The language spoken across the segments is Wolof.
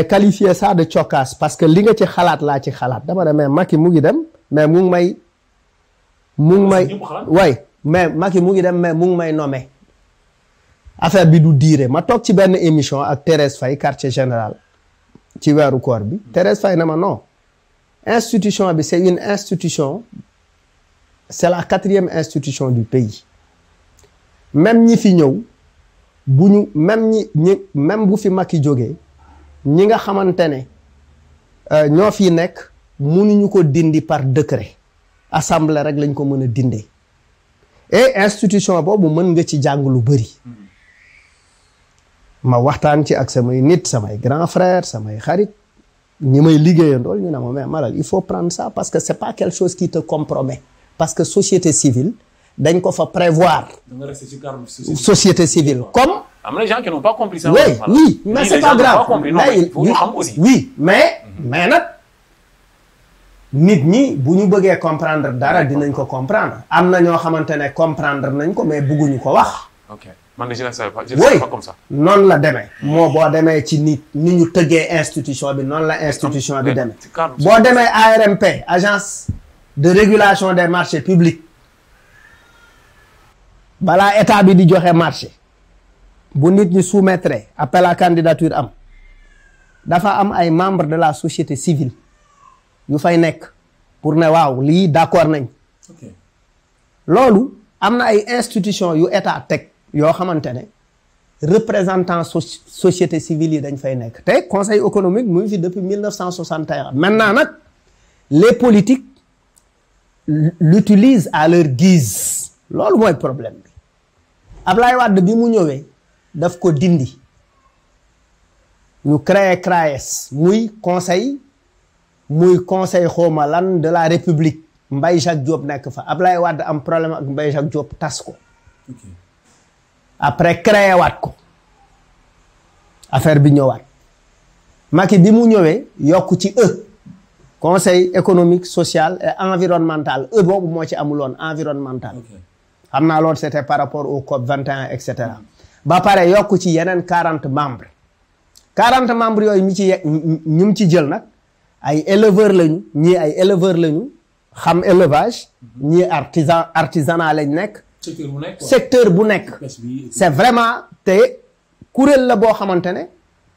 et qualifier ça de cokkaas parce que li nga ci xalaat laa ci xalaat dama ne mais mu ngi dem mais mu may. mu ngi may way mais mu ngi dem mais mu ngi may nommé. affaire bi du diire ma toog ci benn émission ak Thérèse fay quartier général ci weeru koor bi Thérèse fay na ma non institution bi c'est une institution c'est la quatrième institution du pays même ñi fi ñëw bu ñu même ñi ñi même bu fi Macky jógee ñi nga xamante ne euh, ñoo fi nekk mënuñu ko dindi par décret assemblée rek lañ ko mën a dindee et institution boobu mën nga ci jàng lu bëri ma waxtaan ci ak samay nit samay grand frère samay xarit ñi may liggéeyandool ñu ne ma mais malal il faut prend ça parce que c'est pas quelque chose qui te compromet parce que société civile dañ ko fa prévoir société civile comme am na gens qui n'ont pas compris ça. oui mais c'est pas grave mais il ñu xam aussi. oui mais mais nag nit ñi bu ñu bëggee comprendre dara dinañ ko comprendre am na ñoo xamante ne comprendre nañ ko mais bëgguñu ko wax. ok man de je ne savais pas je ne savais pas comme ça. la demee. moo boo demee ci nit ni ñu tëggee institution bi noonu la institution bi demee. boo demee ARMP agence de régulation des marché publics balaa état bi di joxe marché. bu nit ñi soumettre appel à candidature am dafa am ay membres de la société civile yu fay nekk pour ne waaw lii d'accord nañ loolu am na ay institutions yu état teg yoo xamante ne représentant société civile yi dañ fay nekk te conseil économique mu ngi fi depuis 1961 maintenant nag les politiques l'utilisent à leur guise loolu mooy problème bi Ablaye Wade bi mu ñëwee def ko dindi ñu créé CRAES muy conseil muy conseil xawma lan de la république Mbaye Jacques Diop nekk fa Ablaye Wade am problème ak Mbaye Jacques Diop tas ko après créé waat ko affaire bi ñëwaat Macky bi mu ñëwee yokk ci e conseil économique social et environnemental e boobu moo ci amuloon environnemental xam naa loolu c'était par rapport au COP 21 et cetera ba pare yokk ci yeneen 40 membres quarante membres yooyu ñu ci ñu mu ci jël nag ay éleveurs lañu ñii ay éleveurs lañu xam élevage ñi artisan artisanat lañ nekk. secteur bu nekk secteur bu nekk. c'est vraiment te kuréel la boo xamante ne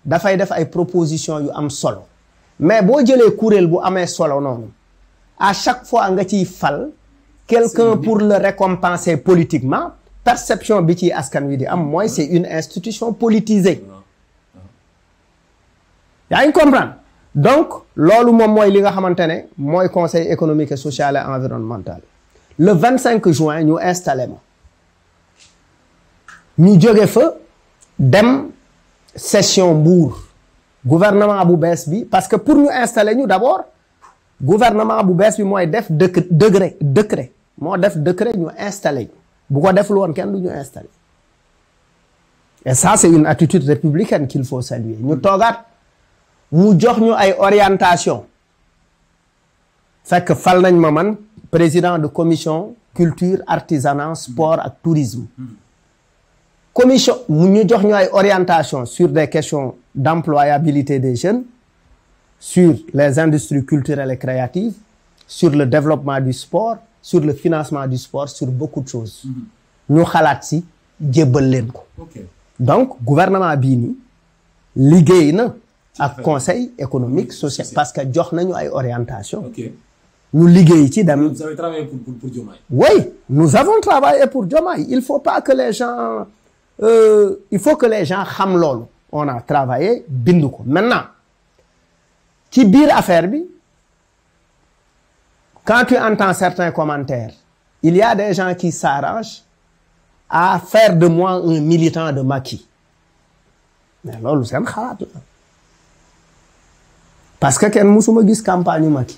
dafay def ay propositions yu am solo mais boo jëlee kuréel bu amee solo noonu à chaque fois nga ciy fal. quelqu'un pour la récompenser politiquement. perception bi ci askan wi di am mooy c'est une institution politisée yaa ngi comprendre donc loolu moom mooy li nga xamante ne mooy conseil économique et social et environnemental le vingt cinq juin ñu installé ma ñu jóge fa dem session buur gouvernement bu bees bi parce que pour ñu installer ñu d'abord gouvernement bu bees bi mooy def décret décret moo def décret ñu installé ñu bu ko deful woon kenn du ñu installé et ça c'est une attitude républicaine qu'il faut saluer ñu toogaat mu jox ñu ay orientation fekk fal nañ ma man président de commission culture artisanat sport ak tourisme commission mu ñu jox ñu ay orientation sur des questions d'employabilité des jeunes sur les industries culturelles et créatives sur le développement du sport sur le financement du sport sur beaucoup de choses. Mm-hmm. ñu xalaat si jébbal leen ko. donc gouvernement bii nii liggéey na. ak conseil économique social parce que jox nañu ay orientation ñu liggéey ci dem. vous avez travaillé pour pour pour Diomaye. oui nous avons travaillé pour il faut pas que les gens euh, xam loolu. on a travaillé bind ko maintenant ci biir affaire bi. Quand tu entends certains commentaires, il y a des gens qui s'arrangent à faire de moi un militant de Macky. mais loolu seen xalaat parce que kenn mësuma gis campagne Macky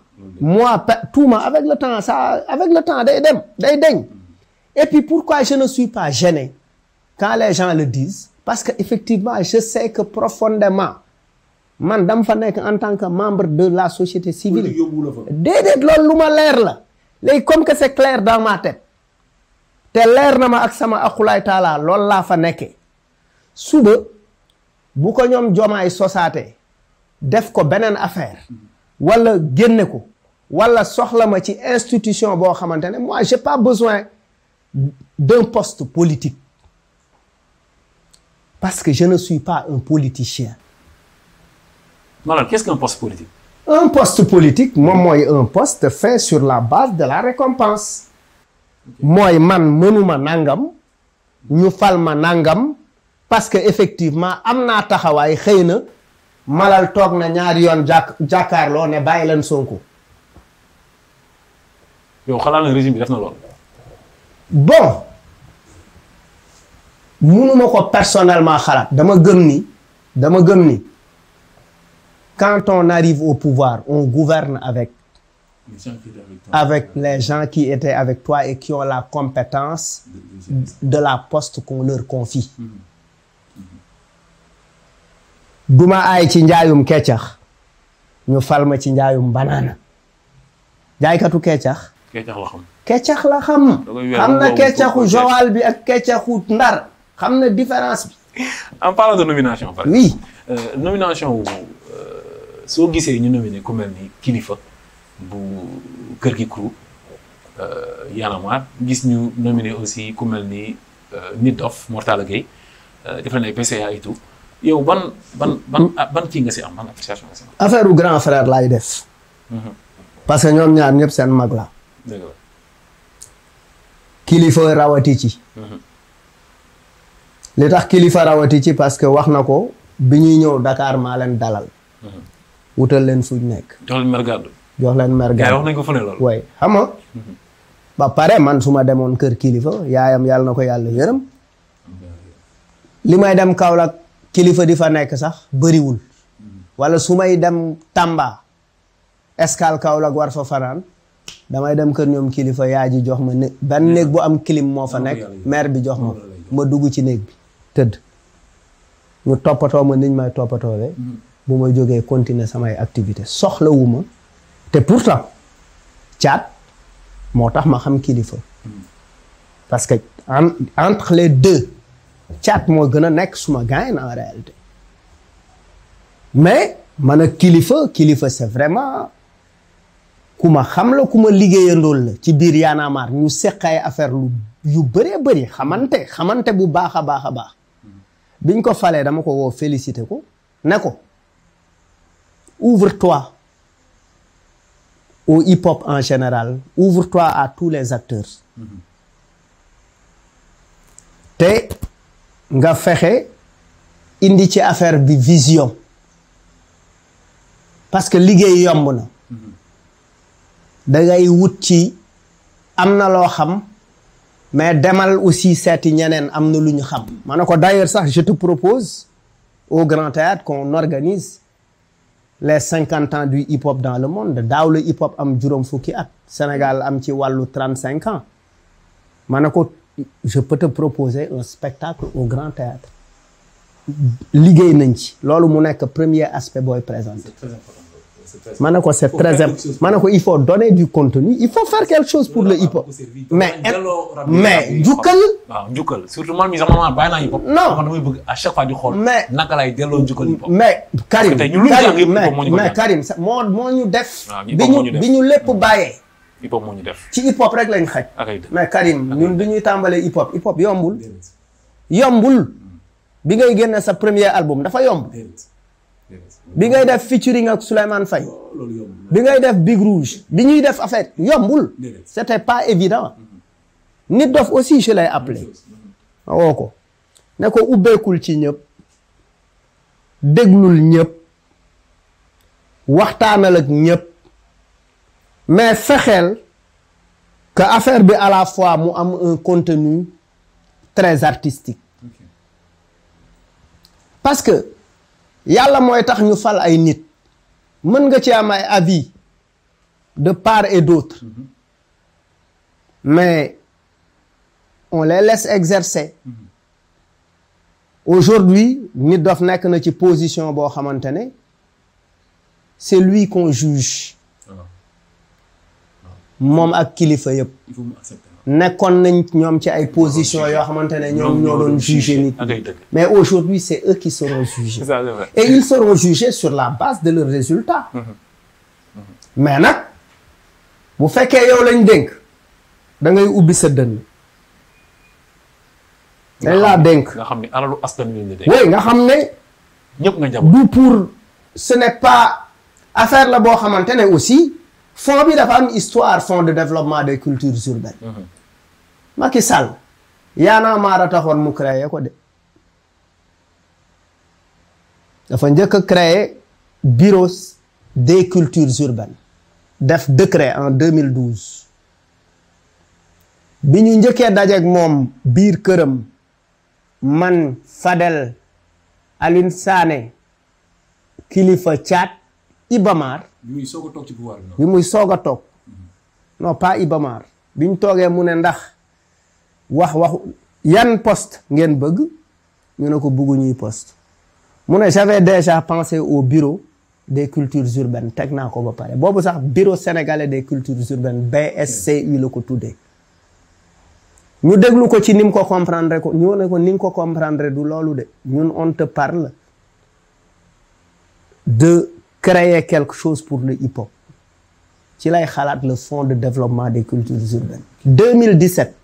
moi tuuma avec le temps ça avec le temps day dem day deñ et puis pourquoi je ne suis pas gêné quand les gens le disent parce que effectivement je sais que profondement man dam fa nekk en tant que membre de la société civile déedéet loolu lu ma leer la léegi comme que c'est clair dans ma tête te leer na ma ak sama akulaay taala loolu laa fa nekke suba bu ko ñoom jomaay sosaate def ko beneen affaire wala génne ko wala soxla ma ci institution boo xamante ne moi j'ai pas besoin d'un post politique parce que je ne suis pas un politicien. alors qu'est-ce qu'un poste politique. un post politique moom mooy un post fait sur la base de la récompense. mooy man mënuma nangam ñu fal ma nangam parce que effectivement am naa taxawaay xëy na. malal toog na ñaari yoon jàkk jàkkaarloo ne bàyyi leen Sonko. yow xalaat na régime na lool. bon munuma ko personnellement xalaat dama gëm ni dama gëm ni quand on arrive au pouvoir on gouverne avec. avec les gens qui étaient avec toi et qui ont la compétence de la post qu'on leur confie. Hmm. duma aay ci njaayum keccax ñu fal ma ci njaayum banaana jaaykatu keccax keccax la xam keccax la xam xam na bi ak keccaxu Ndar xam na différence bi en parlant de nomination par oui euh, nomination wu euh, soo gisee ñu nominé ku mel ni kilifa bu kër gi crew euh, yanamaar gis ñu nominé aussi ku mel ni nit dof Mortala Gueye def na ay PCA et tout yow ban ban ban hmm. ban kii ban appréciation nga si am. affaire u grand frère laay def. Mhm. parce que ñoom ñaar ñëpp seen mag la. kilifa rawati ci. Mhm. li tax kilifa rawati ci parce que wax na ko bi ñuy ñëw Dakar maa leen dalal. Mhm. wutal leen fuñ nekk. jox leen mer jox leen mer gàddu wax nañ ko fu loolu. waaye xam nga ba pare man su ma demoon kër kilifa yaayam yàlla na ko yàlla yërëm. li may dem Kaolack kilifa di fa nekk sax bëriwul wala su may dem Tamba escale Kaolack war fa fanaan damay dem kër ñoom kilifa yaa ji jox ma né ban néeg bu am kilim moo fa nekk maire bi jox ma ma dugg ci néeg bi tëdd ñu toppatoo ma niñ may toppatoowee bu ma jógee continuer samay activité soxlawuma te pourtant caat moo tax ma xam kilifa parce entre les deux caat moo gën a nekk suma gain en réalité mais man a kilifa kilifa c'est vraiment ku ma xam la ku ma liggéeyandool la ci biir Y'en a marre ñu seq affaire lu yu bëree bëri xamante xamante bu baax a baax a baax biñ ko falee dama ko woo félicité ko ne ko ouvre-toi au hip-hop en général ouvre-toi à tous les acteurs mm-hmm. te nga fexe indi ci affaire bi vision parce que liggéey yomb na dangay wut ci am na loo xam mais demal aussi seeti ñeneen am na lu ñu xam ma ne ko d'ailleurs sax je te propose au Grand Théâtre qu'on organise les cinquante ans du hip hop dans le monde daaw la hip hop am juróom fukki at Sénégal am ci wàllu trente cinq ans ma ko je peux te proposer un spectacle au grand théâtre liggéey nañ ci loolu mu nekk premier aspect booy présenter ma ne ko c'est très ma ne ko il faut donner du contenu il faut faire quelque chose pour le hip hop mais mais njukkal waaw njukkal surtout man mi sax non mais naka lay delloo njukkal hip hop mais moo moo ñu def bi ñu bi ñu hip moo ñu def. ci hip hop rek lañ xaj. mais Karim ñun bi ñuy tàmbalee hip hop hip hop yombul. yombul bi ngay génne sa premier album dafa yomb. bi ngay def featuring ak Souleymane Faye oh, bi ngay def Big Rouge bi ñuy def affaire yombul c'était pas évident nit dof aussi je l'ai appelé ma mm-hmm. woo ko ne ko ubbeekul ci ñëpp déglul ñëpp waxtaanal ak ñëpp mais fexeel que affaire bi à la fois mu am un contenu très artistique parce que yàlla mooy tax ñu fal ay nit mën nga ci am ay avis de part et d'autre mm-hmm. mais on les laisse exercer mm -hmm. aujourd'hui nit dof nekk na ci position boo xamante ne c'est lui qu'on juge moom ak kilifa yëpp. nekkoon nañ ñoom ci ay position yoo xamante ne ñoom ñoo doon jugé nit mais aujourd'hui c'est eux qui seront jugés et ils seront jugés sur la base de leurs résultats mm-hmm. Mm-hmm. mais nag bu fekkee yow lañ dénk da ngay ubbi sa dënn dañ laa dénk nga xam ne alalu askan wi la nga xam ne ñëpp nga jàpp du pour ce ne pas affaire la boo xamante ne aussi fonds bi dafa am histoire fonds de développement des cultures urbaines. Mhm. Macky Sall Y'en a marre taxoon mu créé ko de dafa njëkk a créé bureau des cultures urbaines def décret en 2012 bi ñu njëkkee dajeeg moom biir këram man Fadel Aline Kilifa Thiat Ibamar bi muy soog a toog ci pouvoir muy soog toog non pas Iba Mar bi ñu toogee mu ne ndax wax wax yan post ngeen bëgg ñu ne ko ñuy post mu ne j'avais déjà pensé au bureau des cultures urbaines teg naa ko ba pare boobu sax bureau sénégalais des cultures urbaines BSCU la ko tuddee ñu déglu ko ci nim ko comprendre ko ñu ne ko ni nga ko comprendre du loolu de ñun on te parle de créer quelque chose pour le hip ci lay xalaat la fonds de développement des cultures urbaines 2017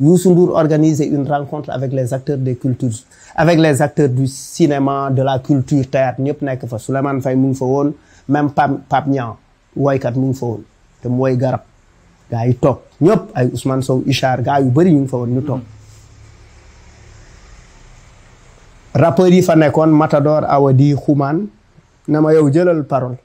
Youssou Ndour organise une rencontre avec les acteurs des cultures avec les acteurs du cinéma de la culture théâtre ñëpp nekk fa Souleymane Faye mu ngi fa woon même Pape Pape Niang woykat mu ngi fa woon te mu woy garab gaa yi toog ñëpp ay Ousmane Sow Ichar gaa yu bëri ñu ngi fa woon ñu toog rappeurs yi fa nekkoon Matador Awadi Xuman na ma yow jëlal parole